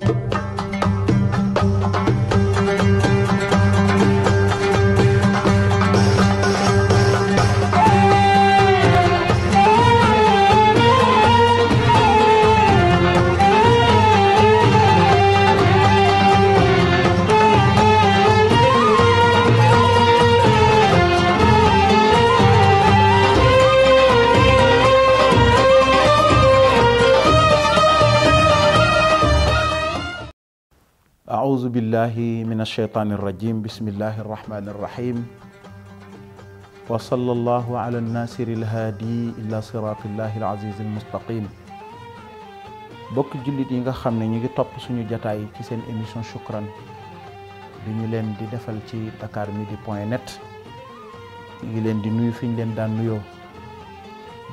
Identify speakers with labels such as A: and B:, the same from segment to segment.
A: thank you billahi min alsheytaani irrajim bismillahi irrahmani irrahim wa salla allahu ala alnasiri jullit yi nga xam ne ñu ngi topp suñu jataay ci seen émission Shukran bi leen di defal ci dakar midi point net ñu ngi leen di nuyu fi ñu leen daan nuyoo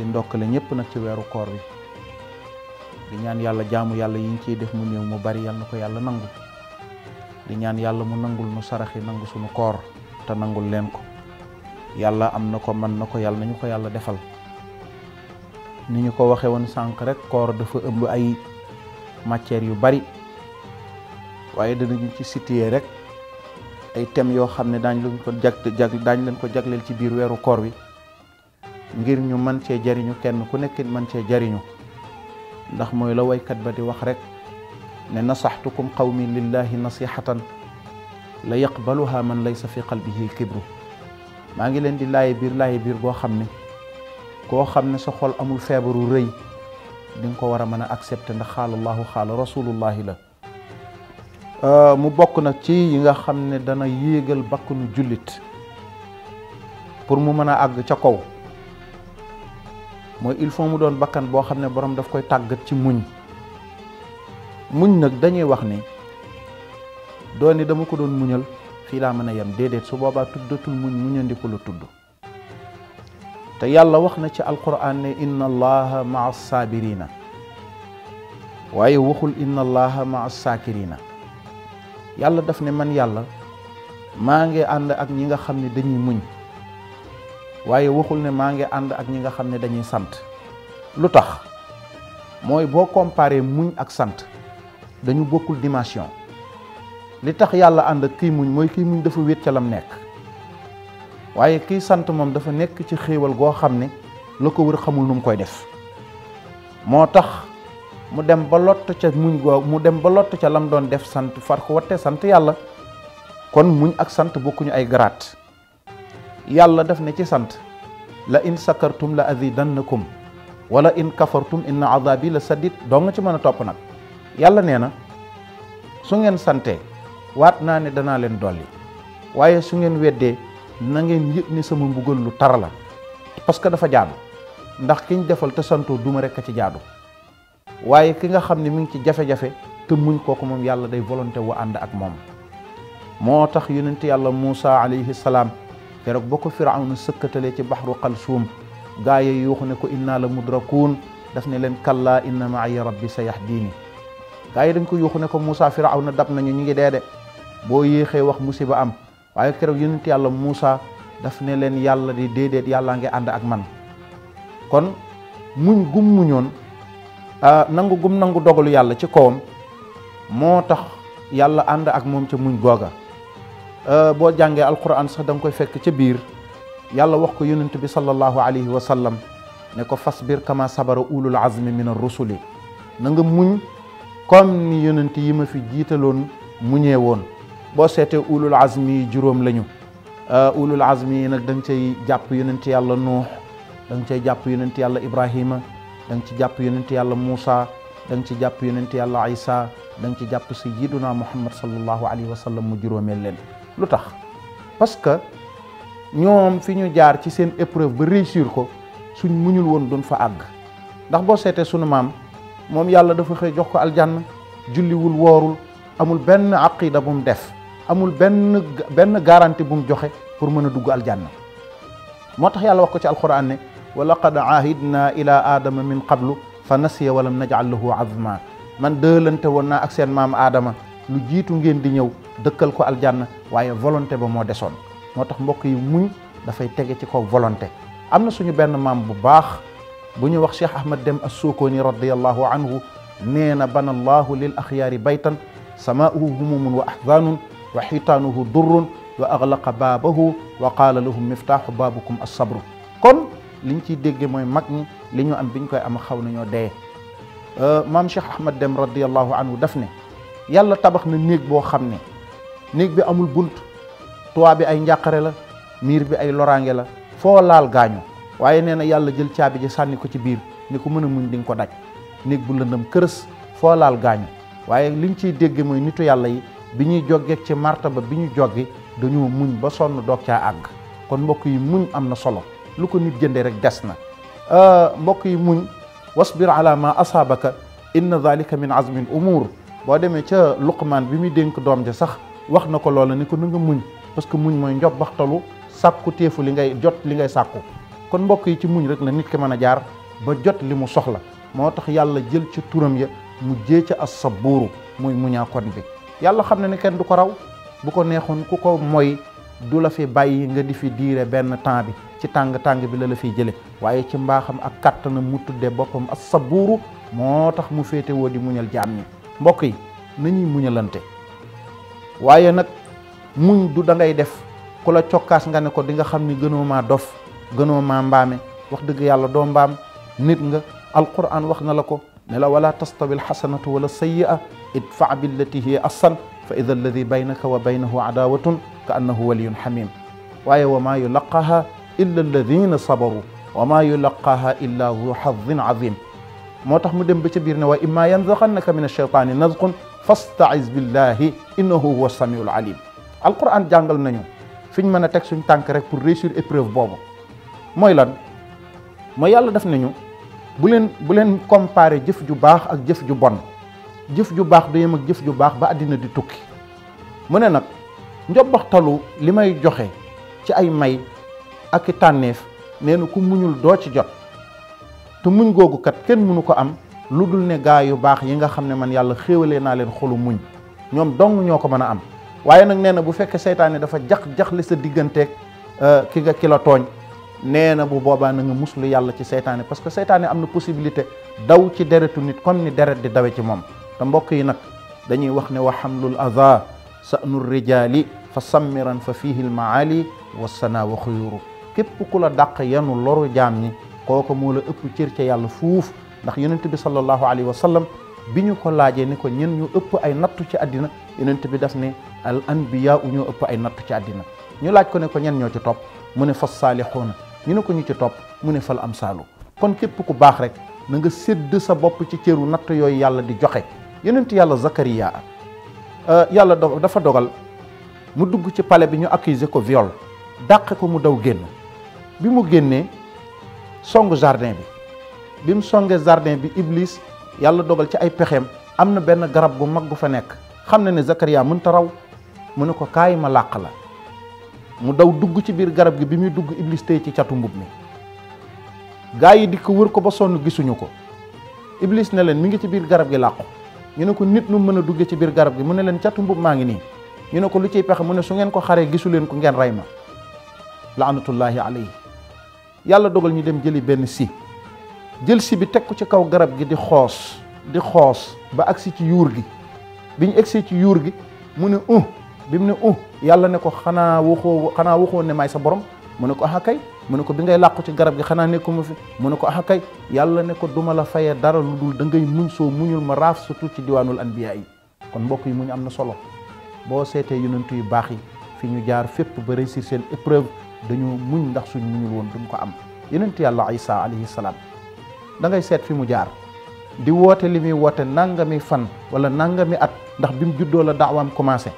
A: di la ñëpp nag ci weeru koor bi di ñaan yàlla jaamu yàlla yi ñu ciy def mu néew mu bari yal ko yàlla nangu di ñaan yàlla mu nangul nu saraxi nangu sunu koor te nangul leen ko yàlla am na ko man na ko yàlla nañu ko yàlla defal ni ñu ko waxe woon sànq rek koor dafa ëmb ay matières yu bari waaye danañu ci situer rek ay thèmes yoo xam ne daañ leen ko jag daañ leen ko jagleel ci biir weeru koor wi ngir ñu mën cee jariñu kenn ku nekk mën cee jariñu ndax mooy la woykat ba di wax rek ne nasaxtukum qawmi lillahi nasihatan la yaqbaluha man laysa fi qalbihi kibru maa ngi leen di laaye biir laaye biir goo xam ne koo xam ne sa xol amul feebaru rëy di ko war a mën a accepter ndax xaala allahu xaala rasulullahi la euh, mu bokk nag ci yi nga xam ne dana yéegal bakkanu jullit pour mu mën a àgg ca kaw mooy il faut mu doon bakkan boo xam ne borom daf koy tàggat ci muñ muñ nag dañuy wax ni doo ne dama ko doon muñal fii laa mën a yem déedéet su boobaa tuddatul muñ muñandiku la tudd te yàlla wax na ci alquran ne inna allaha maa saabirina waaye waxul inna allaha maa saakirina yàlla def ne man yàlla maa ngi ànd ak ñi nga xam ne dañuy muñ waaye waxul ne maa ngi ànd ak ñi nga xam ne dañuy sant lu tax mooy boo comparé muñ ak sant dañu bokkul dimension li tax yàlla ànd ak kii muñ mooy kii muñ dafa wéet ca lam nekk waaye kii sant moom dafa nekk ci xéewal goo xam ne la ko wër xamul nu koy def moo tax mu dem ba lott ca muñ goo mu dem ba lott ca lam doon def sant far ko watte sant yàlla kon muñ ak sant bokkuñu ay garaat yàlla def na ci sant la in sakartum la azidannakum wala in kafartum inna azabi la sadid doo nga ci mën a topp nag yàlla nee na su ngeen santee waat naa ne danaa leen dolli waaye su ngeen weddee na ngeen yëg ni sama mbugal lu tara la parce que dafa jaadu ndax kiñ defal te santoo duma rekk a ci jaadu waaye ki nga xam ni mi ngi ci jafe-jafe te muñ kooku moom yàlla day volonté wu ànd ak moom moo tax yu yonent yàlla Moussa alayhi salaam keroog ba ko firawna sëkkatalee ci baxru xalsuum gaa yi yuuxu ne ko inna la mudrakuun daf ne leen kallaa inna maaya rabbi sa yahdini gaa yi dañ ko yuuxu ne ko Moussa Firaw na dab nañu ñu ngi dee de boo yéexee wax musiba am waaye keroog yonent yàlla muusa daf ne leen yàlla di déedéet yàllaa ngi ànd ak man kon muñ gum muñoon ah, nangu gum nangu dogalu yàlla ci kawam moo tax yàlla ànd ak moom ca muñ googa ah, boo jàngee alquran sax da koy fekk ca biir yàlla wax ko yonent bi sallallahu alayhi wa ne ko fasbir kama sabara ulul azmi min ar rusuli na muñ comme ni yonent yi ma fi jiitaloon mu muñee woon boo seetee ulul azmi yi juróom lañu euh, ulul azmi yi nag da nga cay jàpp yonent yàlla nuux da nga cay jàpp yonent yàlla ibrahima da nga ci jàpp yonent yàlla muusa da nga ci jàpp yonent yàlla isa da nga ci jàpp sayyiduna muhammad sallallahu alayhi wa sallam mu juróomeel leen lu tax parce que ñoom fi ñu jaar ci seen épreuve ba réussir ko suñ muñul woon duñ fa àgg ndax boo seetee sunu maam moom yàlla dafa xëy jox ko aljanna julliwul woorul amul benn aqida bu mu def amul benn garanti bu mu joxe pour mën a dugg aljanna moo tax yàlla wax ko ci alxuraane ne wa laqad aahidna ila aadama min qablu fa nasiya walam najal lahu azma man dëlante woon naa ak seen maam aadama lu jiitu ngéen di ñëw dëkkal ko aljanna waaye volonté ba moo desoon moo tax mbokk yi muñ dafay tege ci ko volonte am na suñu benn maam bu baax bu ñu wax Cheikh Ahmad Dem as-Sukoni radiyallahu anhu nee na bana allahu lil axyaari baytan samaa'uhu humumun wa ahzaanun wa xitaanuhu durrun wa aglaqa baabahu wa qaala lahum miftaaxu baabukum as-sabru kon liñ ciy dégge mooy mag ñi li ñu am biñ koy am xaw nañoo dee euh, maam Cheikh Ahmad Dem radiyallahu anhu daf ne yàlla tabax na néeg boo xam ne néeg bi amul bunt toit bi ay njàqare la miir bi ay loraange la foo laal gaañu waaye nee na yàlla jël caabi ji sànni ko ci biir ni ku mën a muñ di nga ko daj néeg bu lëndëm kërës foo laal gaañu waaye liñ ciy dégg mooy nitu yàlla yi bi ñuy joggee ci ba bi ñu joggi dañoo muñ ba sonn doog caa àgg kon mbokk yi muñ am na solo lu ko nit jëndee rek des na euh, mbokk yi muñ wasbir ala ma asaabaka inna dalika min azmil umur boo demee ca luqmaan bi muy dénk doom ja sax wax na ko loola ni ko na nga muñ parce que muñ mooy njob baxtalu sàkku téefu li ngay jot li ngay sàkku kon mbokk yi ci muñ rek la nit ki mën a jaar ba jot li mu soxla moo tax yàlla jël ci turam ya mu jee ca as sabuuru muy muñaakoon bi yàlla xam na ne kenn du ko raw bu ko neexoon ku ko mooy du la fi bàyyi nga di fi diire benn temps bi ci tàng tàng bi la la fiy jële waaye ci mbaaxam ak kàttanam mu tuddee boppam as buuru moo tax mu féete woo di muñal jaam ñi mbokk yi nañuy muñalante waaye nag muñ du da def ku la cokkaas nga ne ko di nga xam ni gënoo ma dof gënoo maa mbaame wax dëgg yàlla doo mbaam nit nga alquran wax na la ko ne la wala tastawi alxasanatu wala sayyi'a idfa billati hiya ahsan fa ida alladi baynaka wa baynahu adawatun ka annahu waliyun xamim waaye wa maa yulaqaha illa alladina sabaru wa maa yulaqaha illa du xadin azim moo tax mu dem ba ca biir ne wa imma yanzaxannaka min alcheytaani nazqun fastaiz billahi innahu huwa samiul alim alquran jàngal nañu fiñ mën a teg suñ tànk rek pour réussir épreuve boobu mooy lan mooy yàlla def nañu bu leen bu leen comparé jëf ju baax ak jëf ju bon jëf ju baax du yem ak jëf ju baax ba àddina di tukki mu ne nag njobbaxtalu li may joxe ci ay may ak i tànneef nee na ku muñul doo ci jot te muñ googu kat kenn mënu ko am lu dul ne gaa yu baax yi nga xam ne man yàlla xéewalee naa leen xolu muñ ñoom dong ñoo ko mën a am waaye nag nee na bu fekkee seytaane dafa jax jaxle sa digganteeg euh, ki nga ki la tooñ nee na bu boobaa na nga muslu yàlla ci seytaane parce que seytaane am na possibilité daw ci deretu nit comme ni deret di dawe ci moom te mbokk yi nag dañuy wax ne wa xamlul ada sanu rijaali fa sammiran fa fiihi lmaali wassanaa wa xuyuru képp ku daq dàq yanu loru jaam ñi kooku moo la ëpp cër ca yàlla fuuf ndax yonent bi sallallahu alayhi wa sallam bi ñu ko laajee ni ko ñen ñu ëpp ay nattu ci àddina yonent bi daf ne al anbiyaa ñu ëpp ay nattu ci àddina ñu laaj ko ne ko ñen ñoo ci topp mu ne fa saalixuuna ñu ne ko ñu ci topp mu ne fal am saalu kon képp ku baax rek na nga sédd sa bopp ci cëru natt yooyu yàlla di joxe yonent yàlla Zakariya euh, yàlla dafa dogal mu dugg ci pale bi ñu accusé ko viol dàqe ko mu daw génn bi mu génnee songu jardin bi bi mu songee jardin bi Iblis yàlla dogal ci ay pexeem am na benn garab gu mag gu fa nekk xam na ne Zakariya mënta raw mu ne ko kaay ma làq la mu daw dugg ci biir garab gi bi muy dugg iblis tey ci catu mbub mi gaa yi di ko wër ko ba sonn gisuñu ko iblis ne leen mi ngi ci biir garab gi làqu ñu ne ko nit nu mën a dugge ci biir garab gi mu ne leen catu mbub maa ngi nii ñu ne ko lu ciy pexe mu ne su ngeen ko xaree gisuleen ko ngeen rey ma laanatullaahi alayhi yàlla dogal ñu dem jëli benn si jël si bi teg ko ci kaw garab gi di xoos di xoos ba agsi ci yuur gi bi ñu egsee ci yuur gi mu ne uh bi mu uh, yàlla ne ko xanaa waxoo xanaa waxoo ne maay sa borom mu ne ko ah kay mu ne ko bi ngay làqu ci garab gi xanaa nekkuma fi mu ne ko ah kay yàlla ne ko duma la fayee dara lu dul da muñ soo muñul ma raaf surtout ci diwaanul anbiya yi kon mbokk yi muñ am na solo boo seetee yonent yu baax yi fi ñu jaar fépp ba réussir seen épreuve dañu muñ ndax suñ muñul woon mu ko am yonent yàlla isa alayhi salaam da ngay seet fi mu jaar di woote li muy woote nangami fan wala nangami at ndax bi mu juddoo la daawaam commencé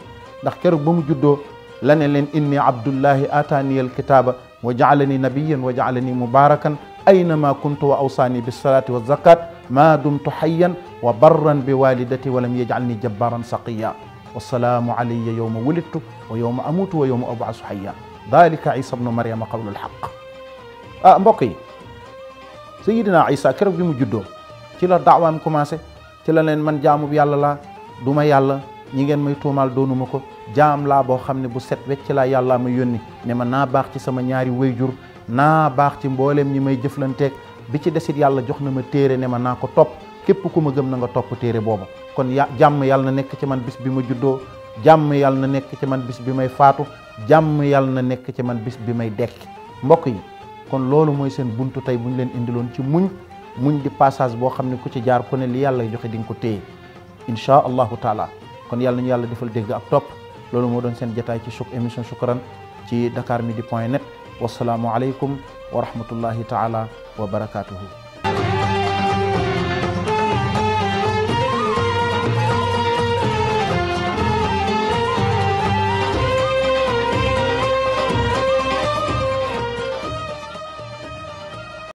A: ndax keroog ba mu juddoo la ne leen inni abdullahi ataani alkitaaba wa jaalani nabiyan wa jaalani mubarakan aynama kuntu wa awsaani bilsalati walzakat ma dumtu hayyan wa barran bi walidati walam yaj'alni jabbaran saqiya wassalaamu alayya yowma wulidtu wa yowma amuutu wa yowma ab'asu hayya dalika isa bnu mariama qawlul haq ah mbokk yi sayidina isa keroog bi mu juddoo ci la daawaam commencé ci la leen man jaamu yàlla laa duma yàlla ñi ngeen may tuumaal doonuma ko jaam laa boo xam ne bu set wecc laa yàllaa may yónni ne ma naa baax ci sama ñaari wayjur naa baax ci mbooleem ñi may jëflanteeg bi ci desit yàlla jox na ma téere ne ma naa ko topp képp ku ma gëm na nga topp téere boobu kon ya jàmm yàlla na nekk ci man bis bi ma juddoo jàmm yàlla na nekk ci man bis bi may faatu jàmm yàlla na nekk ci man bis bi may dekk mbokk yi kon loolu mooy seen buntu tey bu ñu leen indiloon ci muñ muñ di passage boo xam ne ku ci jaar ku ne li yàlla joxe di nga ko téye inchaa allahu taala kon yàlla nañu yàlla defal dégg ak topp loolu moo doon seen jataay ci chuk émission shukran ci dakar midi point net wasalaamualeykum wa rahmatullahi taala wa barakatuhu